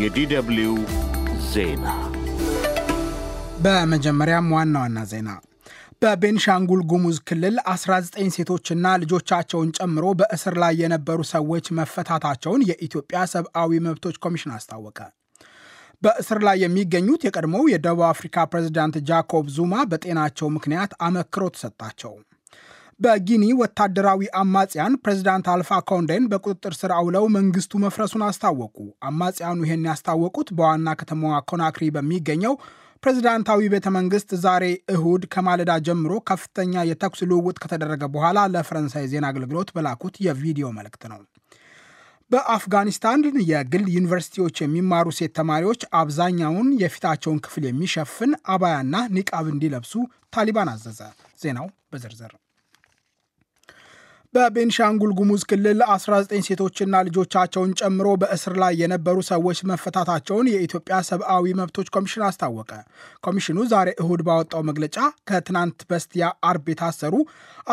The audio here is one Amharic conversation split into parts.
የዲደብሊው ዜና በመጀመሪያም ዋና ዋና ዜና በቤንሻንጉል ጉሙዝ ክልል 19 ሴቶችና ልጆቻቸውን ጨምሮ በእስር ላይ የነበሩ ሰዎች መፈታታቸውን የኢትዮጵያ ሰብአዊ መብቶች ኮሚሽን አስታወቀ። በእስር ላይ የሚገኙት የቀድሞው የደቡብ አፍሪካ ፕሬዝዳንት ጃኮብ ዙማ በጤናቸው ምክንያት አመክሮ ተሰጣቸው። በጊኒ ወታደራዊ አማጽያን ፕሬዚዳንት አልፋ ኮንዴን በቁጥጥር ስር አውለው መንግስቱ መፍረሱን አስታወቁ። አማጽያኑ ይህን ያስታወቁት በዋና ከተማዋ ኮናክሪ በሚገኘው ፕሬዚዳንታዊ ቤተ መንግስት ዛሬ እሁድ ከማለዳ ጀምሮ ከፍተኛ የተኩስ ልውውጥ ከተደረገ በኋላ ለፈረንሳይ ዜና አገልግሎት በላኩት የቪዲዮ መልእክት ነው። በአፍጋኒስታን የግል ዩኒቨርሲቲዎች የሚማሩ ሴት ተማሪዎች አብዛኛውን የፊታቸውን ክፍል የሚሸፍን አባያና ኒቃብ እንዲለብሱ ታሊባን አዘዘ። ዜናው በዝርዝር በቤንሻንጉል ጉሙዝ ክልል 19 ሴቶችና ልጆቻቸውን ጨምሮ በእስር ላይ የነበሩ ሰዎች መፈታታቸውን የኢትዮጵያ ሰብአዊ መብቶች ኮሚሽን አስታወቀ። ኮሚሽኑ ዛሬ እሁድ ባወጣው መግለጫ ከትናንት በስቲያ አርብ የታሰሩ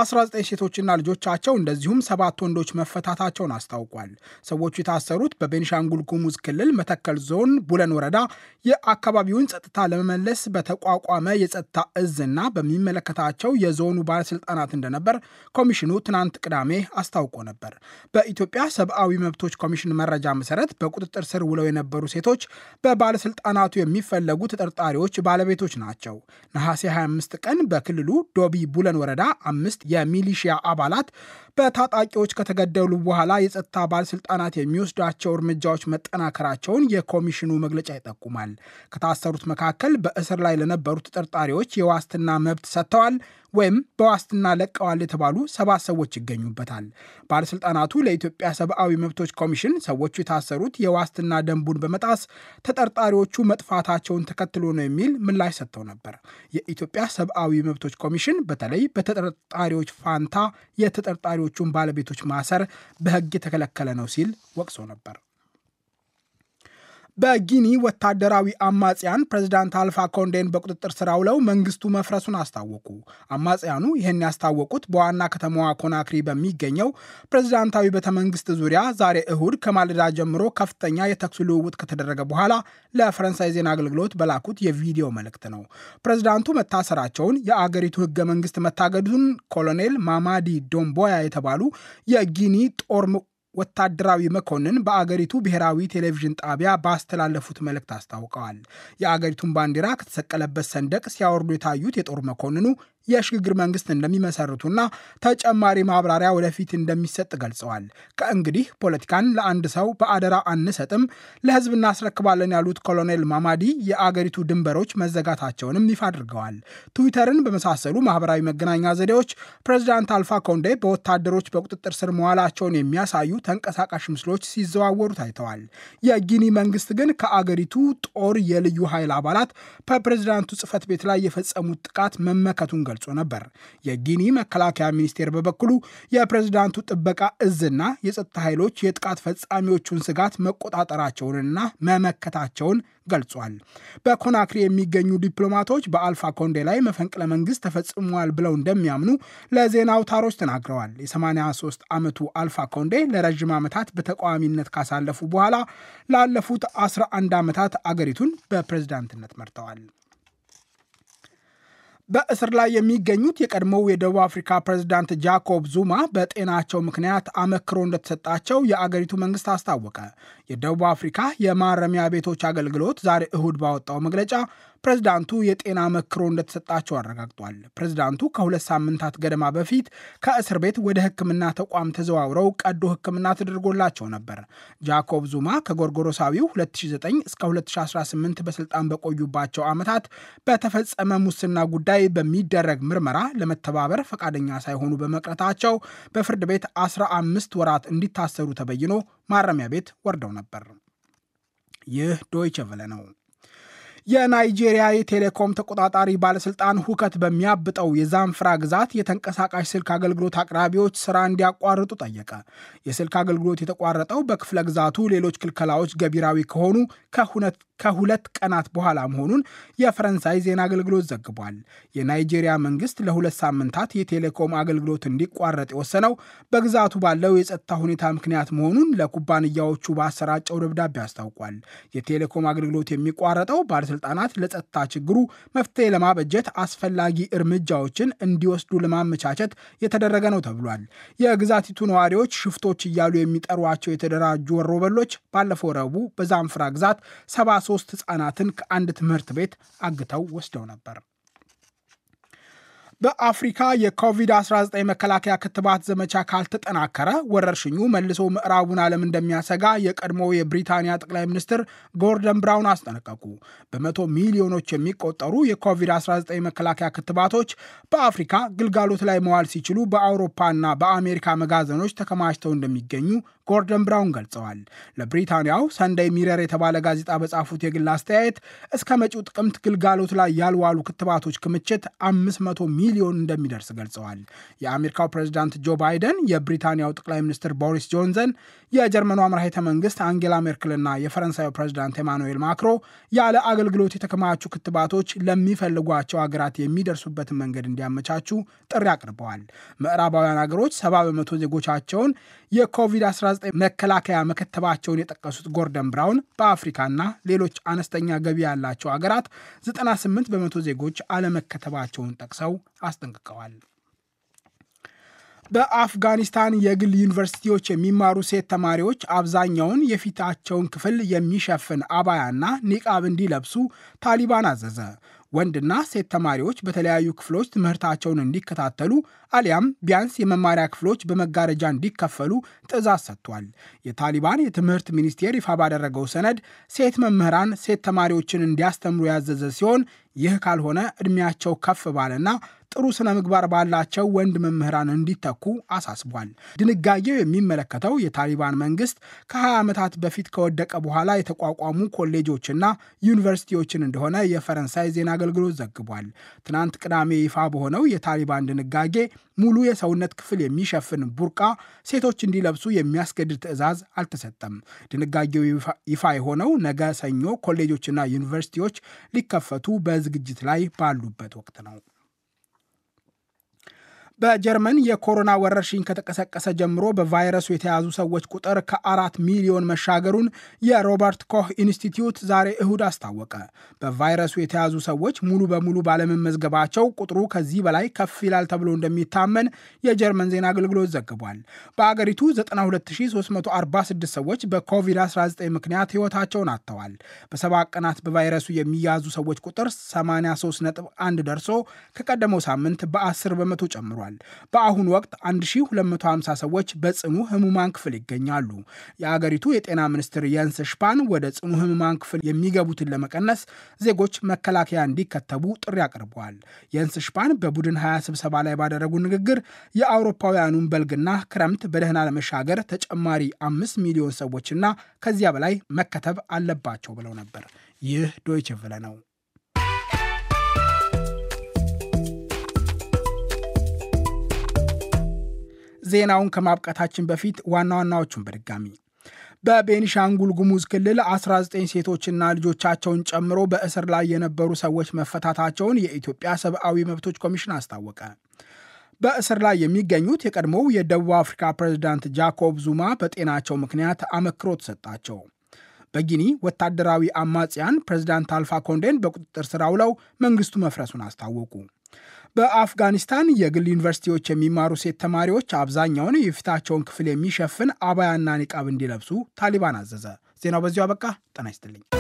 19 ሴቶችና ልጆቻቸው እንደዚሁም ሰባት ወንዶች መፈታታቸውን አስታውቋል። ሰዎቹ የታሰሩት በቤንሻንጉል ጉሙዝ ክልል መተከል ዞን ቡለን ወረዳ የአካባቢውን ጸጥታ ለመመለስ በተቋቋመ የጸጥታ እዝና በሚመለከታቸው የዞኑ ባለስልጣናት እንደነበር ኮሚሽኑ ትናንት ቅዳሜ አስታውቆ ነበር። በኢትዮጵያ ሰብአዊ መብቶች ኮሚሽን መረጃ መሰረት በቁጥጥር ስር ውለው የነበሩ ሴቶች በባለስልጣናቱ የሚፈለጉ ተጠርጣሪዎች ባለቤቶች ናቸው። ነሐሴ 25 ቀን በክልሉ ዶቢ ቡለን ወረዳ አምስት የሚሊሺያ አባላት በታጣቂዎች ከተገደሉ በኋላ የጸጥታ ባለስልጣናት የሚወስዷቸው እርምጃዎች መጠናከራቸውን የኮሚሽኑ መግለጫ ይጠቁማል። ከታሰሩት መካከል በእስር ላይ ለነበሩ ተጠርጣሪዎች የዋስትና መብት ሰጥተዋል ወይም በዋስትና ለቀዋል የተባሉ ሰባት ሰዎች ይገኙበታል። ባለስልጣናቱ ለኢትዮጵያ ሰብአዊ መብቶች ኮሚሽን ሰዎቹ የታሰሩት የዋስትና ደንቡን በመጣስ ተጠርጣሪዎቹ መጥፋታቸውን ተከትሎ ነው የሚል ምላሽ ሰጥተው ነበር። የኢትዮጵያ ሰብአዊ መብቶች ኮሚሽን በተለይ በተጠርጣሪዎች ፋንታ የተጠርጣሪዎች የአብሳሪዎቹን ባለቤቶች ማሰር በሕግ የተከለከለ ነው ሲል ወቅሶ ነበር። በጊኒ ወታደራዊ አማጽያን ፕሬዚዳንት አልፋ ኮንዴን በቁጥጥር ስር አውለው መንግስቱ መፍረሱን አስታወቁ። አማጽያኑ ይህን ያስታወቁት በዋና ከተማዋ ኮናክሪ በሚገኘው ፕሬዚዳንታዊ ቤተመንግስት ዙሪያ ዛሬ እሁድ ከማለዳ ጀምሮ ከፍተኛ የተኩስ ልውውጥ ከተደረገ በኋላ ለፈረንሳይ ዜና አገልግሎት በላኩት የቪዲዮ መልእክት ነው። ፕሬዚዳንቱ መታሰራቸውን፣ የአገሪቱ ህገ መንግስት መታገዱን ኮሎኔል ማማዲ ዶምቦያ የተባሉ የጊኒ ጦር ወታደራዊ መኮንን በአገሪቱ ብሔራዊ ቴሌቪዥን ጣቢያ ባስተላለፉት መልእክት አስታውቀዋል። የአገሪቱን ባንዲራ ከተሰቀለበት ሰንደቅ ሲያወርዱ የታዩት የጦር መኮንኑ የሽግግር መንግስት እንደሚመሰርቱና ተጨማሪ ማብራሪያ ወደፊት እንደሚሰጥ ገልጸዋል። ከእንግዲህ ፖለቲካን ለአንድ ሰው በአደራ አንሰጥም፣ ለህዝብ እናስረክባለን ያሉት ኮሎኔል ማማዲ የአገሪቱ ድንበሮች መዘጋታቸውንም ይፋ አድርገዋል። ትዊተርን በመሳሰሉ ማህበራዊ መገናኛ ዘዴዎች ፕሬዚዳንት አልፋ ኮንዴ በወታደሮች በቁጥጥር ስር መዋላቸውን የሚያሳዩ ተንቀሳቃሽ ምስሎች ሲዘዋወሩ ታይተዋል። የጊኒ መንግስት ግን ከአገሪቱ ጦር የልዩ ኃይል አባላት በፕሬዚዳንቱ ጽህፈት ቤት ላይ የፈጸሙት ጥቃት መመከቱን ገልጿል። ገልጾ ነበር። የጊኒ መከላከያ ሚኒስቴር በበኩሉ የፕሬዝዳንቱ ጥበቃ እዝና የጸጥታ ኃይሎች የጥቃት ፈጻሚዎቹን ስጋት መቆጣጠራቸውንና መመከታቸውን ገልጿል። በኮናክሪ የሚገኙ ዲፕሎማቶች በአልፋ ኮንዴ ላይ መፈንቅለ መንግስት ተፈጽሟል ብለው እንደሚያምኑ ለዜና አውታሮች ተናግረዋል። የ83 ዓመቱ አልፋ ኮንዴ ለረዥም ዓመታት በተቃዋሚነት ካሳለፉ በኋላ ላለፉት 11 ዓመታት አገሪቱን በፕሬዝዳንትነት መርተዋል። በእስር ላይ የሚገኙት የቀድሞው የደቡብ አፍሪካ ፕሬዝዳንት ጃኮብ ዙማ በጤናቸው ምክንያት አመክሮ እንደተሰጣቸው የአገሪቱ መንግስት አስታወቀ። የደቡብ አፍሪካ የማረሚያ ቤቶች አገልግሎት ዛሬ እሁድ ባወጣው መግለጫ ፕሬዝዳንቱ የጤና መክሮ እንደተሰጣቸው አረጋግጧል። ፕሬዝዳንቱ ከሁለት ሳምንታት ገደማ በፊት ከእስር ቤት ወደ ሕክምና ተቋም ተዘዋውረው ቀዶ ሕክምና ተደርጎላቸው ነበር። ጃኮብ ዙማ ከጎርጎሮሳዊው 2009 እስከ 2018 በስልጣን በቆዩባቸው ዓመታት በተፈጸመ ሙስና ጉዳይ በሚደረግ ምርመራ ለመተባበር ፈቃደኛ ሳይሆኑ በመቅረታቸው በፍርድ ቤት 15 ወራት እንዲታሰሩ ተበይኖ ማረሚያ ቤት ወርደው ነበር። ይህ ዶይቸ ቨለ ነው። የናይጄሪያ የቴሌኮም ተቆጣጣሪ ባለስልጣን ሁከት በሚያብጠው የዛንፍራ ግዛት የተንቀሳቃሽ ስልክ አገልግሎት አቅራቢዎች ስራ እንዲያቋርጡ ጠየቀ። የስልክ አገልግሎት የተቋረጠው በክፍለ ግዛቱ ሌሎች ክልከላዎች ገቢራዊ ከሆኑ ከሁለት ቀናት በኋላ መሆኑን የፈረንሳይ ዜና አገልግሎት ዘግቧል። የናይጄሪያ መንግስት ለሁለት ሳምንታት የቴሌኮም አገልግሎት እንዲቋረጥ የወሰነው በግዛቱ ባለው የጸጥታ ሁኔታ ምክንያት መሆኑን ለኩባንያዎቹ በአሰራጨው ደብዳቤ አስታውቋል። የቴሌኮም አገልግሎት የሚቋረጠው ባለስልጣ ባለስልጣናት ለጸጥታ ችግሩ መፍትሄ ለማበጀት አስፈላጊ እርምጃዎችን እንዲወስዱ ለማመቻቸት የተደረገ ነው ተብሏል። የግዛቲቱ ነዋሪዎች ሽፍቶች እያሉ የሚጠሯቸው የተደራጁ ወሮበሎች ባለፈው ረቡዕ በዛንፍራ ግዛት 73 ህጻናትን ከአንድ ትምህርት ቤት አግተው ወስደው ነበር። በአፍሪካ የኮቪድ-19 መከላከያ ክትባት ዘመቻ ካልተጠናከረ ወረርሽኙ መልሶ ምዕራቡን ዓለም እንደሚያሰጋ የቀድሞ የብሪታንያ ጠቅላይ ሚኒስትር ጎርደን ብራውን አስጠነቀቁ። በመቶ ሚሊዮኖች የሚቆጠሩ የኮቪድ-19 መከላከያ ክትባቶች በአፍሪካ ግልጋሎት ላይ መዋል ሲችሉ በአውሮፓና በአሜሪካ መጋዘኖች ተከማችተው እንደሚገኙ ጎርደን ብራውን ገልጸዋል። ለብሪታንያው ሰንደይ ሚረር የተባለ ጋዜጣ በጻፉት የግል አስተያየት እስከ መጪው ጥቅምት ግልጋሎት ላይ ያልዋሉ ክትባቶች ክምችት 500 ሚሊዮን እንደሚደርስ ገልጸዋል። የአሜሪካው ፕሬዚዳንት ጆ ባይደን፣ የብሪታንያው ጠቅላይ ሚኒስትር ቦሪስ ጆንሰን፣ የጀርመኗ መራሄተ መንግስት አንጌላ ሜርክልና የፈረንሳዩ ፕሬዚዳንት ኤማኑኤል ማክሮ ያለ አገልግሎት የተከማቹ ክትባቶች ለሚፈልጓቸው ሀገራት የሚደርሱበትን መንገድ እንዲያመቻቹ ጥሪ አቅርበዋል። ምዕራባውያን ሀገሮች ሰባ በመቶ ዜጎቻቸውን የኮቪድ-19 መከላከያ መከተባቸውን የጠቀሱት ጎርደን ብራውን በአፍሪካና ሌሎች አነስተኛ ገቢ ያላቸው ሀገራት 98 በመቶ ዜጎች አለመከተባቸውን ጠቅሰው አስጠንቅቀዋል። በአፍጋኒስታን የግል ዩኒቨርሲቲዎች የሚማሩ ሴት ተማሪዎች አብዛኛውን የፊታቸውን ክፍል የሚሸፍን አባያና ኒቃብ እንዲለብሱ ታሊባን አዘዘ። ወንድና ሴት ተማሪዎች በተለያዩ ክፍሎች ትምህርታቸውን እንዲከታተሉ አሊያም ቢያንስ የመማሪያ ክፍሎች በመጋረጃ እንዲከፈሉ ትዕዛዝ ሰጥቷል። የታሊባን የትምህርት ሚኒስቴር ይፋ ባደረገው ሰነድ ሴት መምህራን ሴት ተማሪዎችን እንዲያስተምሩ ያዘዘ ሲሆን ይህ ካልሆነ ዕድሜያቸው ከፍ ባለና ጥሩ ስነ ምግባር ባላቸው ወንድ መምህራን እንዲተኩ አሳስቧል። ድንጋጌው የሚመለከተው የታሊባን መንግስት ከ20 ዓመታት በፊት ከወደቀ በኋላ የተቋቋሙ ኮሌጆችና ዩኒቨርሲቲዎችን እንደሆነ የፈረንሳይ ዜና አገልግሎት ዘግቧል። ትናንት ቅዳሜ ይፋ በሆነው የታሊባን ድንጋጌ ሙሉ የሰውነት ክፍል የሚሸፍን ቡርቃ ሴቶች እንዲለብሱ የሚያስገድድ ትዕዛዝ አልተሰጠም። ድንጋጌው ይፋ የሆነው ነገ ሰኞ ኮሌጆችና ዩኒቨርሲቲዎች ሊከፈቱ በ በዝግጅት ላይ ባሉበት ወቅት ነው። በጀርመን የኮሮና ወረርሽኝ ከተቀሰቀሰ ጀምሮ በቫይረሱ የተያዙ ሰዎች ቁጥር ከአራት ሚሊዮን መሻገሩን የሮበርት ኮህ ኢንስቲትዩት ዛሬ እሁድ አስታወቀ። በቫይረሱ የተያዙ ሰዎች ሙሉ በሙሉ ባለመመዝገባቸው ቁጥሩ ከዚህ በላይ ከፍ ይላል ተብሎ እንደሚታመን የጀርመን ዜና አገልግሎት ዘግቧል። በአገሪቱ 92346 ሰዎች በኮቪድ-19 ምክንያት ህይወታቸውን አጥተዋል። በሰባ ቀናት በቫይረሱ የሚያዙ ሰዎች ቁጥር 83.1 ደርሶ ከቀደመው ሳምንት በ10 በመቶ ጨምሯል። ተገኝተዋል። በአሁኑ ወቅት 1250 ሰዎች በጽኑ ህሙማን ክፍል ይገኛሉ። የአገሪቱ የጤና ሚኒስትር የንስ ሽፓን ወደ ጽኑ ህሙማን ክፍል የሚገቡትን ለመቀነስ ዜጎች መከላከያ እንዲከተቡ ጥሪ አቅርበዋል። የንስ ሽፓን በቡድን 20 ስብሰባ ላይ ባደረጉ ንግግር የአውሮፓውያኑን በልግና ክረምት በደህና ለመሻገር ተጨማሪ አምስት ሚሊዮን ሰዎችና ከዚያ በላይ መከተብ አለባቸው ብለው ነበር። ይህ ዶይቼ ቬለ ነው። ዜናውን ከማብቃታችን በፊት ዋና ዋናዎቹን በድጋሚ በቤኒሻንጉል ጉሙዝ ክልል 19 ሴቶችና ልጆቻቸውን ጨምሮ በእስር ላይ የነበሩ ሰዎች መፈታታቸውን የኢትዮጵያ ሰብአዊ መብቶች ኮሚሽን አስታወቀ። በእስር ላይ የሚገኙት የቀድሞው የደቡብ አፍሪካ ፕሬዝዳንት ጃኮብ ዙማ በጤናቸው ምክንያት አመክሮ ተሰጣቸው። በጊኒ ወታደራዊ አማጽያን ፕሬዝዳንት አልፋ ኮንዴን በቁጥጥር ስር አውለው መንግስቱ መፍረሱን አስታወቁ። በአፍጋኒስታን የግል ዩኒቨርሲቲዎች የሚማሩ ሴት ተማሪዎች አብዛኛውን የፊታቸውን ክፍል የሚሸፍን አባያና ኒቃብ እንዲለብሱ ታሊባን አዘዘ። ዜናው በዚሁ አበቃ። ጤና ይስጥልኝ።